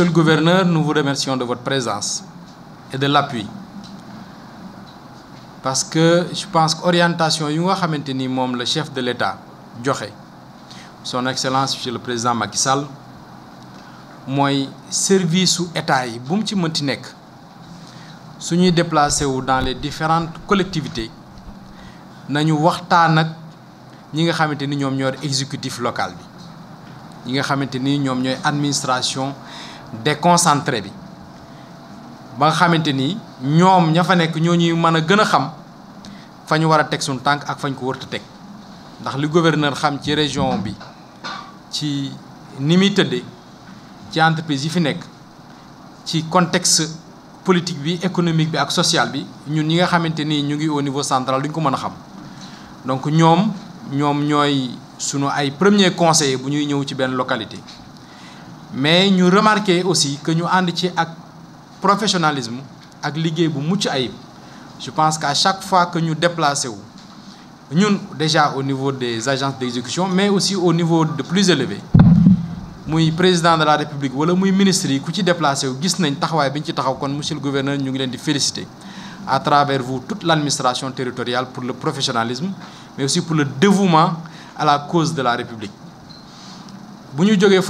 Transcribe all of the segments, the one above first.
Monsieur le gouverneur, nous vous remercions de votre présence et de l'appui. Parce que je pense que l'orientation que le chef de l'État, son Excellence, Monsieur le Président Macky Sall, mooy service sous état yi ti montinek, ci déplacé dans les différentes collectivités nous avons ak ni nga ni exécutif local bi avons nga ni administration de déconcentré bi ba nga xamante ni ñoom ña fa nekk ñoo ñuy mën a gën a xam fa ñu war a teg suñu tànk ak fañ ko wërta teg ndax li gouverneur xam ci région bi ci ni muy tëddee ci entreprise yi fi nekk ci contexte politique bi économique bi ak social bi ñun ñi nga xamante ni ñu ngi au niveau central duñ ko mën a xam donc ñoom ñoom ñooy sunu ay premier conseiller bu ñuy ñëw ci benn localité mais nous remarquons aussi que nous avons un professionnalisme ak liggéey bu mucc ayib je pense qu'à chaque fois que nous déplaçons, nous ñun déjà au niveau des agences d'exécution mais aussi au niveau de plus élevé le président de la république ou le ministre qui ku ci déplacé nous gis le gouverneur nous ngi félicité. à travers vous toute l'administration territoriale pour le professionnalisme mais aussi pour le dévouement à la cause de la république bu ñu jógee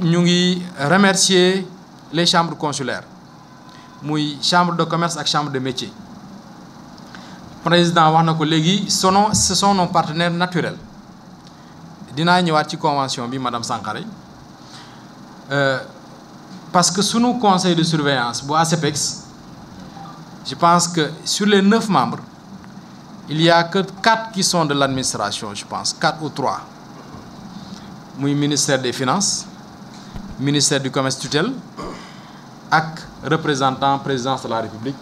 ñu ngi remercier les chambres consulaires muy chambre de commerce et ak chambre de métier président wax na ce sont nos partenaires naturels Dina ñëwaat ci convention bi madame Sankaré euh, parce que nos conseil de surveillance bu ACPEX je pense que sur les 9 membres il y a que 4 qui sont de l'administration je pense 4 ou 3 muy ministère des finances ministère du commerce tutelle ak représentant présidence de la république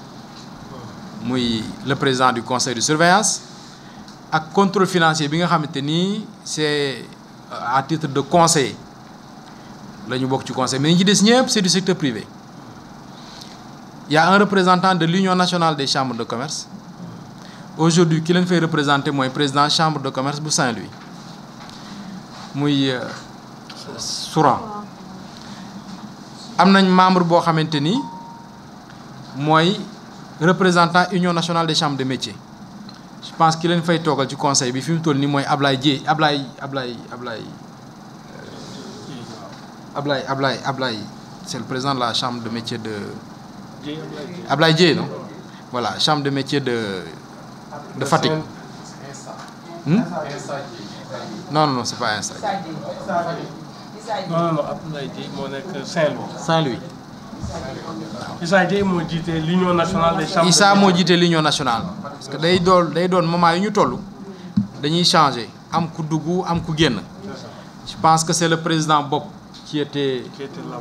muy le président du conseil de surveillance ak contrôle financier bi nga c'est euh, à titre de conseil conseil mais c'est du secteur privé il y a un représentant de l'union nationale des chambres de commerce aujourd'hui qui l'en fait représenter moi, président chambre de commerce bu Saint-Louis muy euh, Soura am nañ membre bo xamanteni moy représentant union nationale des chambres de métiers je pense qu'il leen fay togal ci conseil bi fimu mu toll nii mooy Ablaye Dieye Ablaye Ablaye Ablaye euh, Ablaye Ablaye Ablaye c'est le président de la chambre de métier de Ablaye Djé, non voilà chambre de métier de de Hmm non non non c'est pas un stade. non non non Abdoulaye Saint-Louis. Saint-Louis. Issa Dieye moo l'union nationale des chambres. Issa moo jiite l'union nationale. parce que day doon day doon moment y ñu toll dañuy changer am ku dugg am ku génn. je pense que c'est le président Bob qui était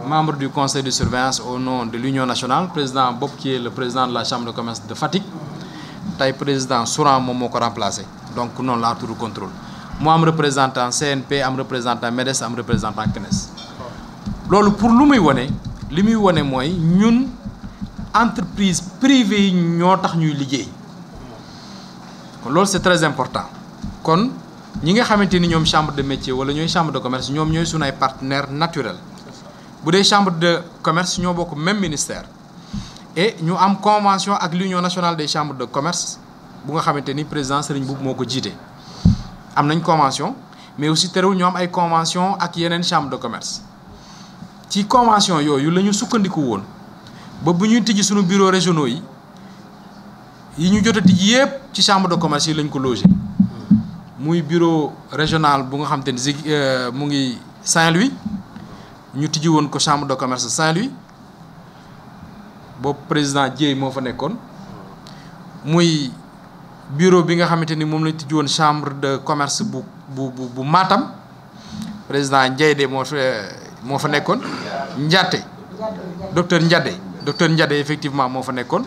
membre du conseil de surveillance au nom de l'union nationale président Bob qui est le président de la chambre de commerce de Fatigue. tey président Souran moom moo ko remplacé donc noonu tout le contrôle mu am représentant CNP am représentant MEDES am représentant CNES loolu pour lu muy wane li muy nous mooy ñun entreprise privée qui ñoo tax c'est très important nous ñi nga xamante chambre de métier ou une chambre de commerce nous sommes un partenaire naturel bu chambre de commerce ñoo le même ministère et nous avons une convention avec l'union nationale des chambres de commerce bu nga que présence président Serigne Boub de ko am nañ convention mais aussi terewul ñu am ay convention ak yeneen chambre de commerce ci convention yooyu la ñu sukkandiku woon ba bu ñuy tijji suñu bureau régionaux yi yi ñu jot a tijji yëpp ci chambre de commerce yi lañ ko logé muy bureau régional bu nga xam te euh, ngi Saint-Louis ñu tijji woon ko chambre de commerce Saint-Louis boobu président Dieye moo fa nekkoon muy bureau bi nga xamanteni mom la lañ won chambre de commerce bu bu bu bu Matam président Ndiaye mo fa moo fa nekkon Ndiaté docteur Ndiaté docteur Ndiaté effectivement mo fa nekkon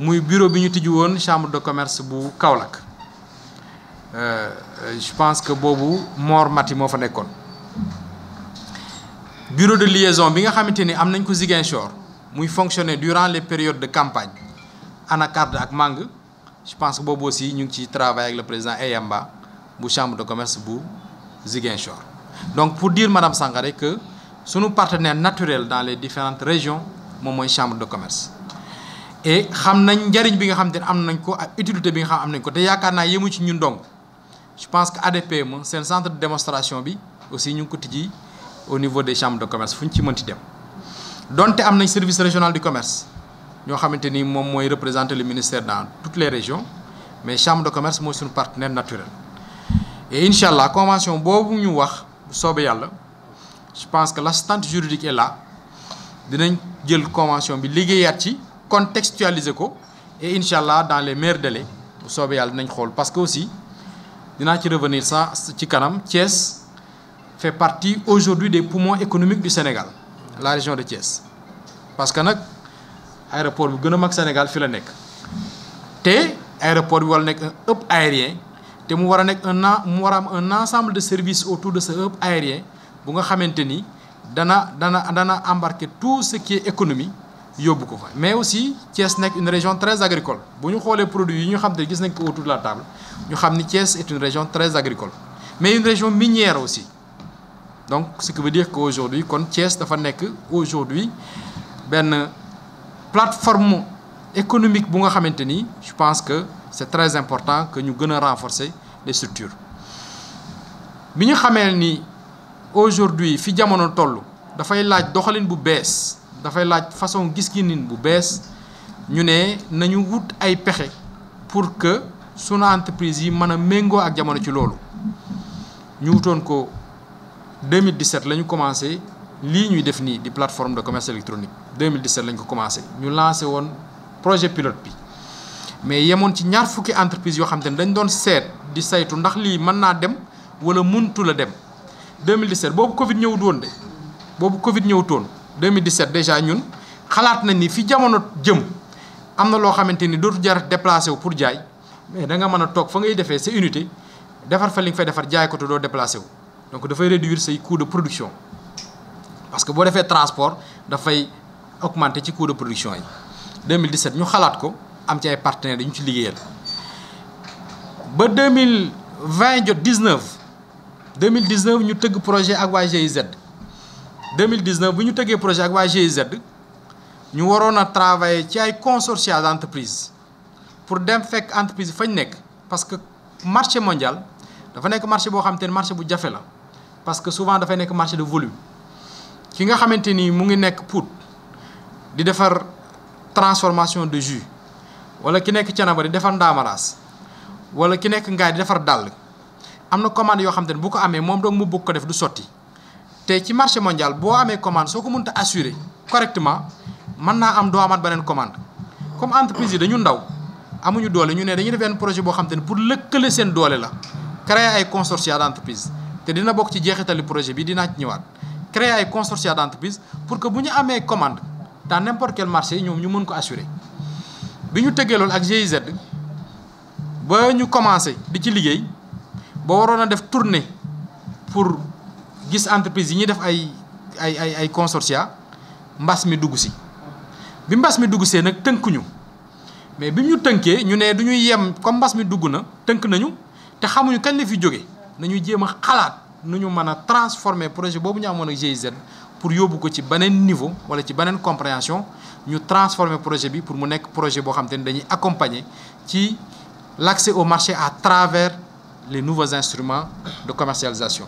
muy bureau bi ñu tijji won chambre de commerce bu Kaolack euh, je pense que bobu Mor Mati mo fa nekkon bureau de liaison bi nga xamanteni am nañ ko Ziguinchor muy fonctionner durant les périodes de campagne anacarde ak Mang je pense que Bobo aussi ñu avec le président Eyamba la chambre de commerce bu Ziguinchor donc pour dire madame Sangaré que Nos partenaire naturel dans les différentes régions moom mooy chambre de commerce. et nous nañ une bi nga xam te am nañ ko utilité bi nga xam am nañ ko te yemu ci je pense que c'est un centre de démonstration bi aussi ñu ko au niveau des chambres de commerce fu ñu ci mënti dem donte am nañ service régional du commerce. Nous avons ni moom représenter le ministère dans toutes les régions mais chambre de commerce est un partenaire naturel et Inch'Allah, la convention boobu ñu wax soobee je pense que l'assistante juridique est là dinañ jël convention bi convention, ci contextualiser ko et Inch'Allah, dans les meilleurs délais Nous soobee yàlla dinañ xool parce que aussi dinaa ci revenir ça ci Thiès fait partie aujourd'hui des poumons économiques du Sénégal la région de Thiès parce que aéroport bi gëna Sénégal fi la nekk aéroport bi wala un hub aérien té mu un ensemble de services autour de ce hub aérien bu nga dana dana dana embarquer tout ce qui est économie mais aussi Thiès est une région très agricole bu ñu les produits yi ñu gis autour de la table ñu xam Thiès est une région très agricole mais une région minière aussi donc ce qui veut dire qu'aujourd'hui kon Thiès dafa aujourd'hui plateforme économique bu nga je pense que c'est très important que nous gëna renforcer les structures bi ñu ni aujourd'hui fi jamono da fay laaj doxalin bu da qui laaj façon gis-ginin bu bess ñu ne nañu wut ay pexé pour que suna entreprise yi mëna a ak jamono ci lolu ñu ko 2017 nous avons commencé li ñuy def ni di plateforme de commerce électronique 2017 lañ ko commencé ñu lancé projet pilote bi mais yemoon ci ñaar fukki entreprise yo xam dañ di ndax dem wala muntu la dem 2017 bobu Covid des won dé bobu Covid des 2017 déjà ñun xalaat nañ ni fi jamono jëm des lo dootu pour jaay mais da nga fait tok fa ngay fait sa unité défar fa li fay défar jaay ko des do wu donc fay réduire say coûts de production parce que bo fait transport fay augmenter ci coût de production yi 2017 nous xalaat ko am ci ay partenaires dañu ci liggéeyal 2020 jot 19 2019 ñu tëgg projet ak waa GIZ 2019 bu ñu un projet ak waa GIZ ñu waroon a travailler ci ay consortia pour dem fekk entreprise fañ parce que le marché mondial dafa nekk marché boo xam te marché bu parce que souvent dafay nekk marché de volume ki nga xamante ni mu ngi nekk di defar transformation de jus wala ki nekk canaba di defar ndaamaraas wala ki nekk ngaay di defar dàll am na commande yoo xam te ne bu ko amee moom doog mu bëgg ko def du sotti te ci marché mondial boo amee commande soo ko mënta assurer correctement mën naa am doo amaat beneen commande comme entreprise yi dañu ndaw amuñu doole ñu ne dañu def benn projet boo xam te ne pour lëkkale seen doole la créer ay consortia d'entreprise te dina bokk ci jeexitali projet bi dinaa ñëwaat créer ay consortia d'entreprise pour que bu ñu amee commande dans n'importe quel marché ñom ñu mën ko assurer bi ñu tëggee loolu ak GIZ ba ñu commencer di ci liggéey ba warona def turne pour gis entreprise yi ñi def ay ay ay ay consortia mbas mi dugg si bi mbass mi dugg nak nag ñu mais bi ñu ñu ne du yem comme mbass mi dugg na nañu te xamuñu nyu la fi joggé nañu jéem xalaat nu ñu mën transformer projet boobu ñu GIZ pour yóbbu ko ci benen niveau wala ci benen compréhension ñu transformer projet bi pour mu nek projet pour xam dañuy accompagner l'accès au marché à travers les nouveaux instruments de commercialisation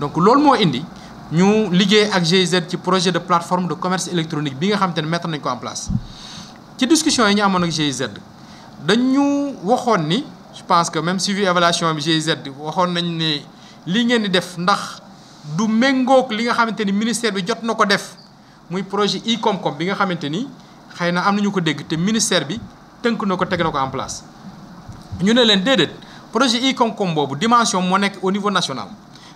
donc lool mo indi ñu liggéey ak GIZ ci projet de plateforme de commerce électronique bi nga xam mis mettre en place ci discussion yi ñu avec ak GIZ dañu waxone ni je pense que même suivi évaluation bi GIZ waxone nañ ne li ngeen di def ndax du méngoog li nga xamante ni ministère bi jot na ko def muy projet i koom-koom bi nga xamante ni xëy na am nañu ko dégg te ministère bi tënk na ko teg na ko en place ñu ne leen déedéet projet i koom-koom boobu dimension moo nekk au niveau national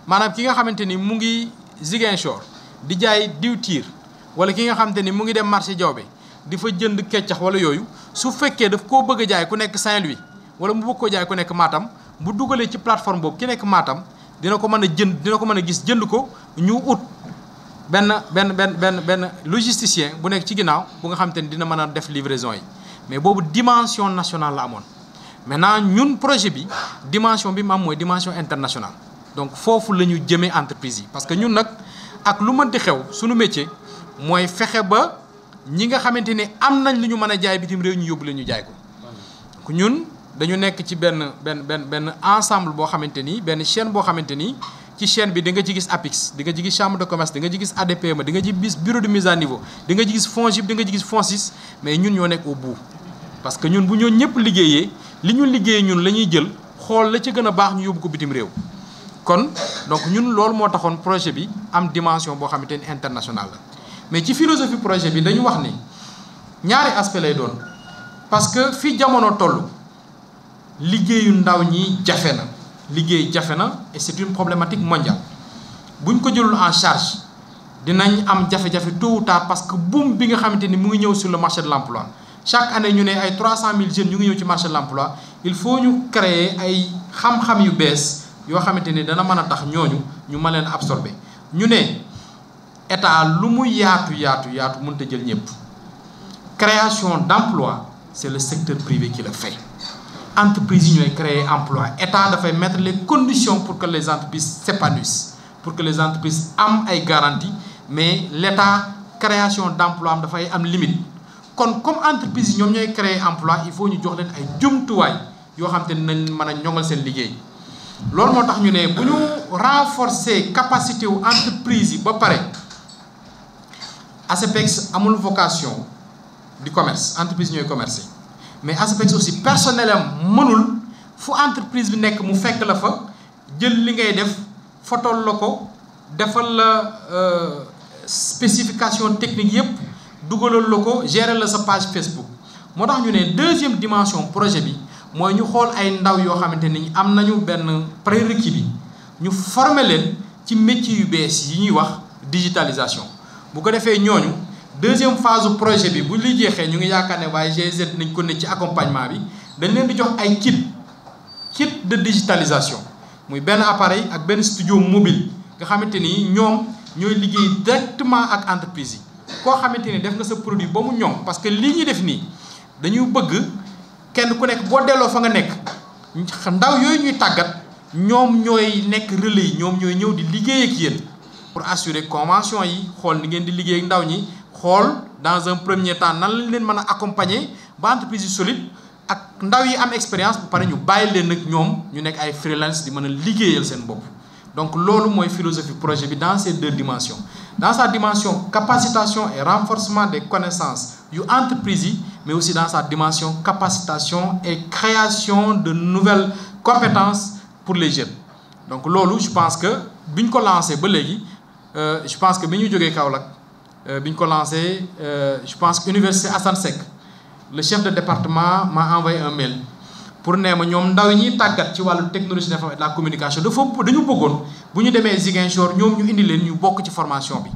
maanaam ki nga xamante ni mu ngi Ziguinchor di jaay diwtiir wala ki nga xamante ni mu ngi dem marché Diaobé di fa jënd keccax wala yooyu su fekkee daf koo bëgg a jaay ku nekk Saint-Louis wala mu bëgg koo jaay ku nekk Matam bu dugalee ci plateforme boobu ki nekk dina ko mën a jënd dina ko mën gis jënd ko ñu ut ben ben ben ben ben logisticien bu nek ci ginaaw bu nga xamanteni dina mën def livraison yi mais bobu dimension nationale la amone maintenant ñun projet bi dimension bi mu moy dimension internationale donc fofu lañu ñu entreprise yi parce que ñun nak ak lu mënti xew suñu métier moy fexé ba ñi nga xamanteni am nañ lu ñu mën jaay bitim réew ñu yobul la ñu jaay ko ñun dañu nekk ci benn benn benn benn ensemble boo xamante ni benn chaîne boo xamante ni ci chaîne bi di nga ci gis APIX di nga ci gis de commerce di nga ci gis ADPME di nga ci gis bureau de mise à niveau di nga ci gis FONGIP di nga ci gis FONSIS mais ñun ñoo nekk au bout parce que ñun bu ñoo ñëpp liggéeyee li ñu liggéey ñun la ñuy jël xool la ci gën a baax ñu yóbbu ko bitim réew kon donc ñun loolu moo taxoon projet bi am dimension boo xamante ni internationale la mais ci philosophie projet bi dañu wax ni ñaari aspect lay doon parce que fi jamono toll liggéeyu ndaw ñi jafena na jafena et c'est une problématique mondiale Si nous ko jëlul en charge dinañ am jafé jafé tôt ou tard parce que boom bi nga xamanteni mu ngi ñëw sur le marché de l'emploi chaque année ñu né ay 000 jeunes ñu ngi ñëw ci marché de l'emploi il faut ñu créer ay xam-xam yu bees yo xamanteni dana mëna tax ñooñu ñu absorber ñu ne état lu mu yaatu yaatu yaatu création d'emploi c'est le secteur privé qui le fait entreprises yi créer emploi état dafay mettre les conditions pour que les entreprises s'épanouissent pour que les entreprises aient des garanties mais l'état création d'emploi doit dafay am limite comme entreprise yi créent créer emploi il faut ñu jox nous ay pour que xam te ne nañ mën a ñoŋal seen liggéey loolu ñu renforcer capacité wu entreprise Bon ba vocation du commerce entreprise ñooy commercer mais aspect suuf si personnel personnellement mënul fu entreprise bi nek mu fekk la fa jël li ngay def fotol la ko defal la euh, spécification technique yépp dugalal la ko gérer la sa page Facebook moo tax ñu ne deuxième dimension projet bi mooy ñu xool ay ndaw yoo xamante ni am nañu benn prérequis bi ñu former leen ci métier yu bees yi ñuy wax digitalisation bu ko defee ñooñu deuxième phase du projet bi bu li jeexee ñu ngi yaakaar ne waaye GIZ nañ ko ne ci accompagnement bi dañ leen di jox ay kit kit de digitalisation muy ben appareil ak ben studio mobile nga xamanteni ñom ñoy ñooy liggéey directement ak entreprise yi ko xamanteni def nga sa produit ba mu ñom parce que li ñi def ni dañu bëgg kenn ku nekk bo delloo fa nga nekk ndaw yoy ñuy tagat ñom ñoy nekk relais ñom ñoy ñooy ñëw di liggéey ak yeen pour assurer convention yi xol ni ngeen di liggéey ak ndaw ñi dans un premier temps nan lañ leen une accompagner ba entreprise solide ak ndaw yi am expérience pour pare ñu bayil leen nak ñom ñu nek ay freelance di mën a liggéeyal seen donc lolu moy philosophie projet bi dans ces deux dimensions dans sa dimension capacitation et renforcement des connaissances yu entreprise mais aussi dans sa dimension capacitation et création de nouvelles compétences pour les jeunes donc lolu je pense que biñ nous ko lancé ba euh, je pense que biñu ñu Kaolack euh, bi ko lancé euh, je pense que université Assane le chef de département m'a envoyé un mail pour ne ma ñoom ndaw ñi tàggat ci wàllu technologie de la communication dafa dañu bëggoon bu de demee Ziguinchor ñoom ñu indi leen ñu bokk ci formation bi.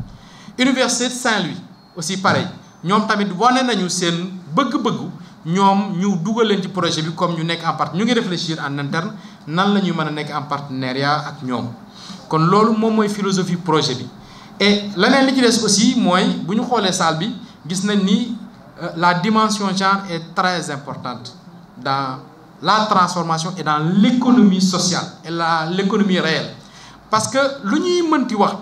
université Saint-Louis aussi pareil Nous tamit wane nañu de bëgg-bëggu ñoom ñu dugal ci projet bi comme ñu nek en part ñu ngi réfléchir en interne nan lañu mëna mën en partenariat ak ñom kon lolu mom moy philosophie projet bi et leneen li ci aussi moi, bu ñu salle bi gis nañ euh, la dimension genre est très importante dans la transformation et dans l'économie sociale et l'économie réelle parce que ce ñuy mënti wax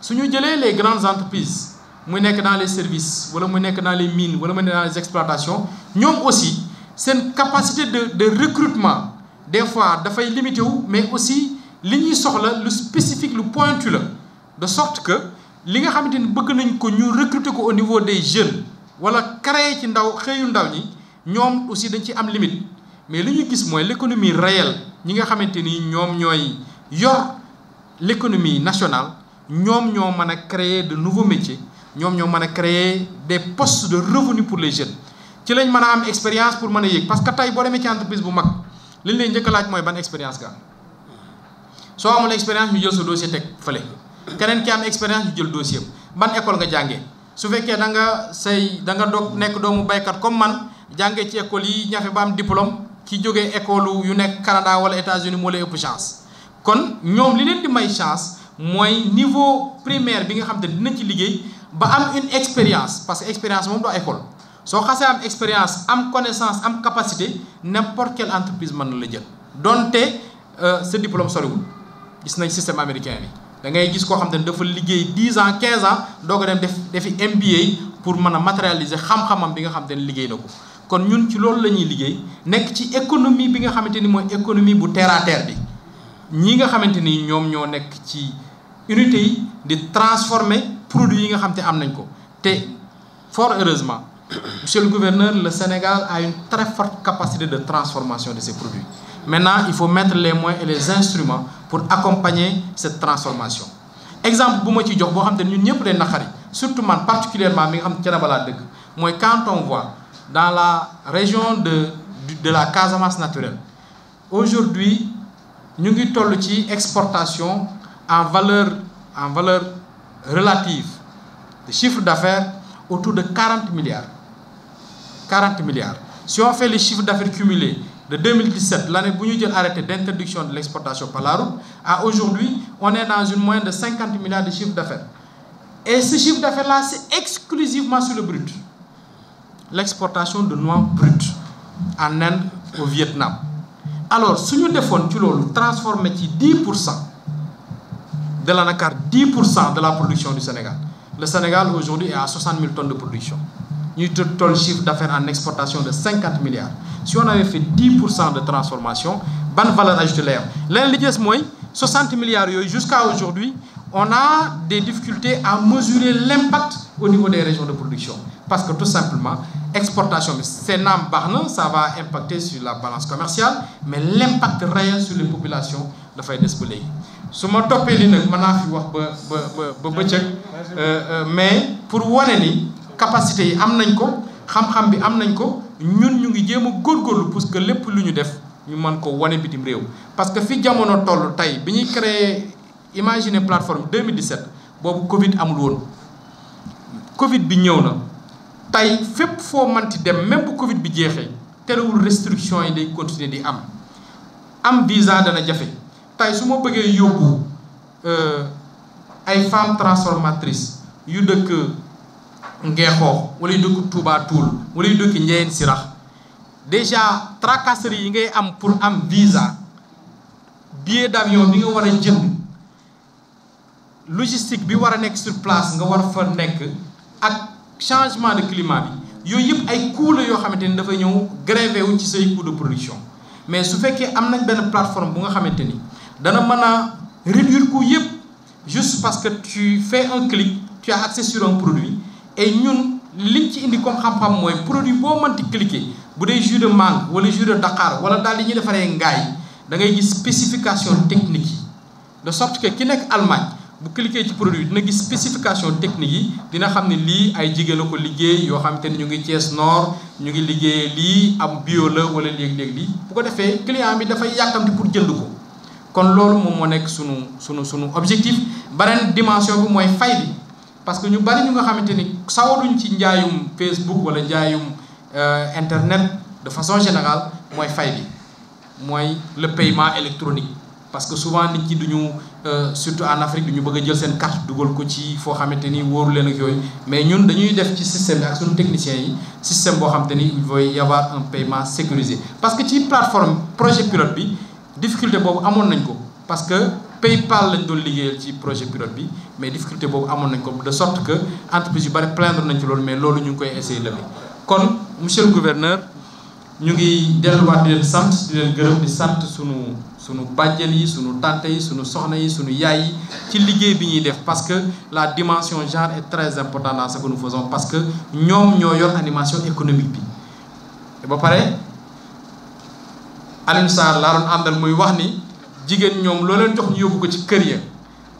Si si nous les grandes entreprises mu sont dans les services wala mu sont dans les mines wala mu sont dans les exploitations nous aussi une capacité de recrutement des fois de limité wu mais aussi ce ñuy soxla le spécifique le pointu de sorte que li nga xamanteni bëgg nañ ko ñu recruter ko au niveau des jeunes wala créer ci ndaw xeyu ndaw ñi ñoom aussi dañ ci am limite mais li ñu gis mooy l' économie réelle ñi nga xamanteni ni ñoom ñooy yor l' économie nationale ñoom ñoo mën a créer de nouveaux métiers ñoom ñoo mën a créer des postes de revenu pour les jeunes ci lañ mën a am expérience pour mën a parce que tey boo demee ci entreprise bu mag liñ lay njëkk a laaj mooy ban expérience nga am soo amul expérience ñu jël sa dossier teg fële. keneen ki am expérience ñu jël dossier ban école nga jàngee su fekkee da nga say da nga doog nekk doomu baykat comme man jàngee ci école yi ñafe ba am diplôme ci jógee école yu nekk Canada wala États-Unis moo lay ëpp chance li leen di may chance mooy niveau primaire bi nga xam te dina ci liggéey ba am une expérience parce que expérience moom doo école soo xasee am expérience am connaissance am capacité n'importe quelle entreprise mën na la jël donte euh, sa diplôme soriwul gis nañ système américain bi da ngay gis koo xam dafa 10 ans 15 ans doog a dem def defi MBA pour mën matérialiser xam-xamam bi nga xam te ne liggéey na ko kon ñun ci loolu la ñuy liggéey ci économie bi nga ni économie bu terre à terre bi ñi nga xamante ni ñoom ñoo nekk ci unité yi di transformer produit yi nga xam am nañ ko fort heureusement monsieur le gouverneur le Sénégal a une très forte capacité de transformation de ses produits maintenant il faut mettre les moyens et les instruments pour accompagner cette transformation exemple jox surtout particulièrement mi quand on voit dans la région de de la Casamance naturelle aujourd'hui nous avons une exportation en valeur en valeur relative de chiffre d'affaires autour de 40 milliards 40 milliards si on fait les chiffres d'affaires cumulés de 2017, l'année où nous avons arrêté d'interdiction de l'exportation par la route, à aujourd'hui, on est dans une moyenne de 50 milliards de chiffre d'affaires. Et ce chiffre d'affaires-là, c'est exclusivement sur le brut. L'exportation de noix brutes en Inde, au Vietnam. Alors, si nous défendons, transformer 10% de l'anacar, 10% de la production du Sénégal. Le Sénégal aujourd'hui est à 60 000 tonnes de production une un chiffre d'affaires en exportation de 50 milliards si on avait fait 10% de transformation bonne valeur ajoutée l'air. L'indice 60 milliards jusqu'à aujourd'hui on a des difficultés à mesurer l'impact au niveau des régions de production parce que tout simplement exportation c'est un barnum, ça va impacter sur la balance commerciale mais l'impact réel sur les populations il des ba euh, euh, mais pour vous, capacité yi am nañ ko xam-xam bi am nañ ko ñun ñu ngi jéem a góorgóorlu pour que lépp lu ñu def ñu mën ko wane bitim réew. parce que fi jamono toll tey bi ñuy créer imaginer plateforme 2017 boobu Covid amul woon Covid bi ñëw na tey fépp foo manti dem même bu Covid bi jeexee terewul restriction yi day continuer di am am visa dana jafe tey su ma bëggee yóbbu euh, ay femmes transformatrices yu dëkk. Ngeexoox wala yu dëkk Touba Toul wala yu dëkk Njeyeen Sirax déjà tracasserie yi ngay am pour am visa billet d'avion bi nga wara a jënd logistique bi wara nek sur place nga war fa nek ak changement de climat bi yoy yëpp ay coûts yo xamanteni xamante ni dafa ñëw grévé wu ci sey coût de production mais su fekkee am nañ benn plateforme bu nga xamanteni dana mëna réduire coût yëpp juste parce que tu fais un clic tu as accès sur un produit et ñun liñ ci indi comme xam-xam moy produit man mënti cliquer bu jus de mangue wala jus de dakar wala dal li ñi défaré ngaay da ngay gis spécification technique de sorte que ki nek allemagne bu cliquer ci produit dina gis spécification technique yi dina xam ne lii ay jigéen la ko liggéey yoo xam te ñu ngi Thiès Nord ñu ngi liggéey li am bio la wala léeg-léeg li bu ko défé client bi fay yakamti pour jënd ko kon loolu mo mo nek sunu sunu sunu objectif beneen dimension bu moy fay bi parce que ñu bari ñu nga xamanteni ni ci njaayum Facebook wala njaayum euh, internet de façon générale moy fay bi moy le paiement électronique parce que souvent nit ci duñu euh, surtout en Afrique duñu bëgg jël sen carte dugal ko ci fo xamanteni woru len ak yoy mais ñun dañuy def ci système ak suñu technicien yi système bo xamanteni il va y avoir un paiement sécurisé parce que ci plateforme projet pilote bi difficulté bobu amon nañ ko parce que PayPal lañ doon projet pilote bi mais difficulté de sorte que entreprise yu bari plaindre nañ ci mais loolu ñu ngi koy essayer monsieur le gouverneur ñu ngi delluwaat di leen sant di leen gërëm di sunu sunu yi sunu tante yi sunu soxna yi sunu yaay parce que la dimension genre est très importante dans ce que nous faisons parce que ñoom ñoo animation économique bi ba pare jigéen ñom loo leen jox ñu yobbu ko ci kër ya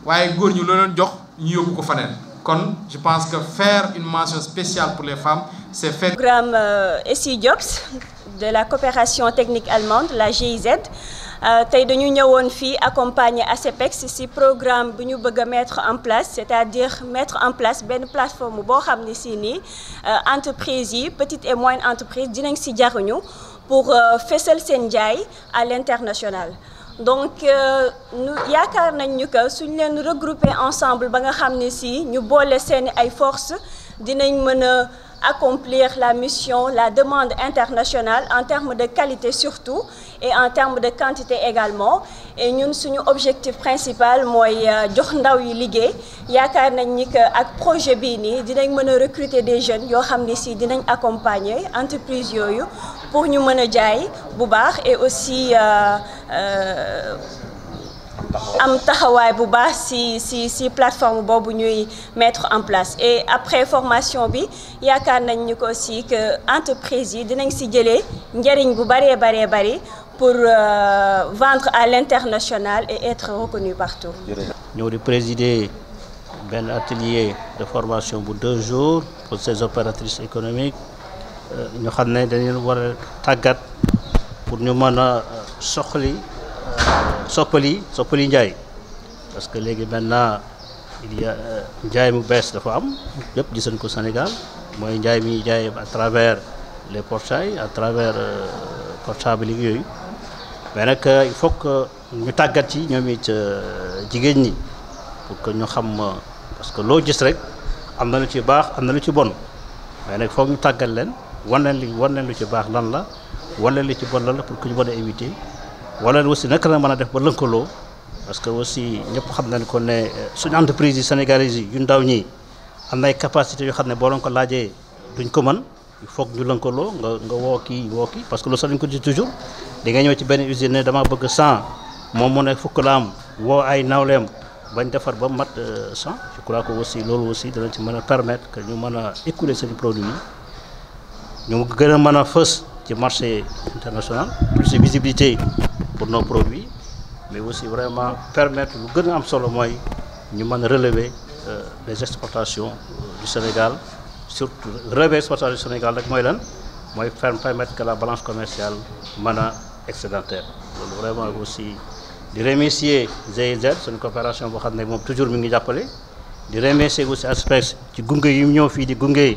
waaye góor ñu loo leen jox ñu yobbu ko faneen kon je pense que faire une mention spéciale pour les femmes c'est faire. programme Essie euh, Jobs de la coopération technique allemande la GIZ euh, tey dañu ñëwoon fii accompagner ACPEX ci programme bu ñu bëgg mettre en place c'est-à-dire mettre en place benn plateforme boo xam ne ci nii euh, entreprise yi petite et moyenne entreprise dinañ ci jaruñu pour fësal seen njaay à l'international donc euh, nous yaakaar nañ ñu que regrouper ensemble ba nga xam ne si ñu ay accomplir la mission la demande internationale en termes de qualité surtout et en termes de quantité également et nous suñu objectif principal mooy euh, jox ndaw yi il y a ni ak projet bii dinañ recruter des jeunes nous xam si accompagner entreprise pour nous mener à et aussi euh, euh, am taxawaay bu baax ci plateforme mettre en place et après formation il y a aussi que entreprise yi dinañ ci train de bu faire pour euh, vendre à l'international et être reconnu partout. Nous avons présider un atelier de formation pour deux jours pour ces opératrices économiques. ñu xam ne dañu war a tàggat pour ñu mën a euh, soxli euh, soppali soppali njaay parce que léegi maintenant il euh, njaay mu bees dafa am yëpp gisan ko Sénégal mooy njaay mi jaay à travers les portails à travers portable yi yooyu mais nag il faut que ñu tàggat yi ñoom it jigéen ñi pour que ñu xam parce que loo gis rek am na lu ci baax am na lu ci bon mais nag foog ñu tàggat leen wan leen li wan leen lu ci baax lan la wan li ci bon lan la pour ku ñu mën a éviter wala aussi naka la mën a def ba lënkaloo parce que aussi ñëpp xam nañ ko ne euh, suñu entreprise yi sénégalaises yi yu ndaw ñi am na ay capacité yoo xam ne boo leen ko laajee duñ ko mën il faut ñu lënkaloo nga nga woo kii woo kii parce que loolu sax dañ ko di toujours di ñëw ci benn usine ne dama bëgg 100 moom mu ne fukk la am woo ay nawleem bañ defar ba mat 100 euh, je crois que aussi loolu aussi dana ci mën a permettre que ñu mën a écouler seen produit yi Nous avons une force du marché international plus de visibilité pour nos produits mais aussi vraiment permettre lu plus absolument am relever euh, les exportations euh, du Sénégal surtout relever exportations du Sénégal avec Moïlan, lan permettre que la balance commerciale soit excédentaire Donc vraiment aussi di remercier c'est une coopération que nous avons toujours appelée, ngi remercier aussi Aspects, ci la yi de la di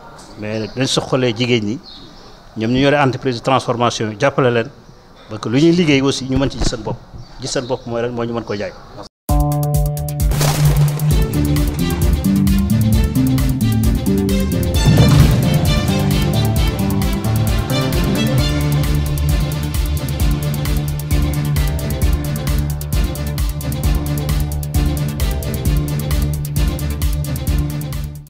mais dañ soxalee jigéen ñi ñoom ñu yore entreprise de transformation yi jàppale leen parce que lu ñuy liggéey aussi ñu mën ci gis seen bopp gis seen bopp mooy ren moo ñu mën ko jaay.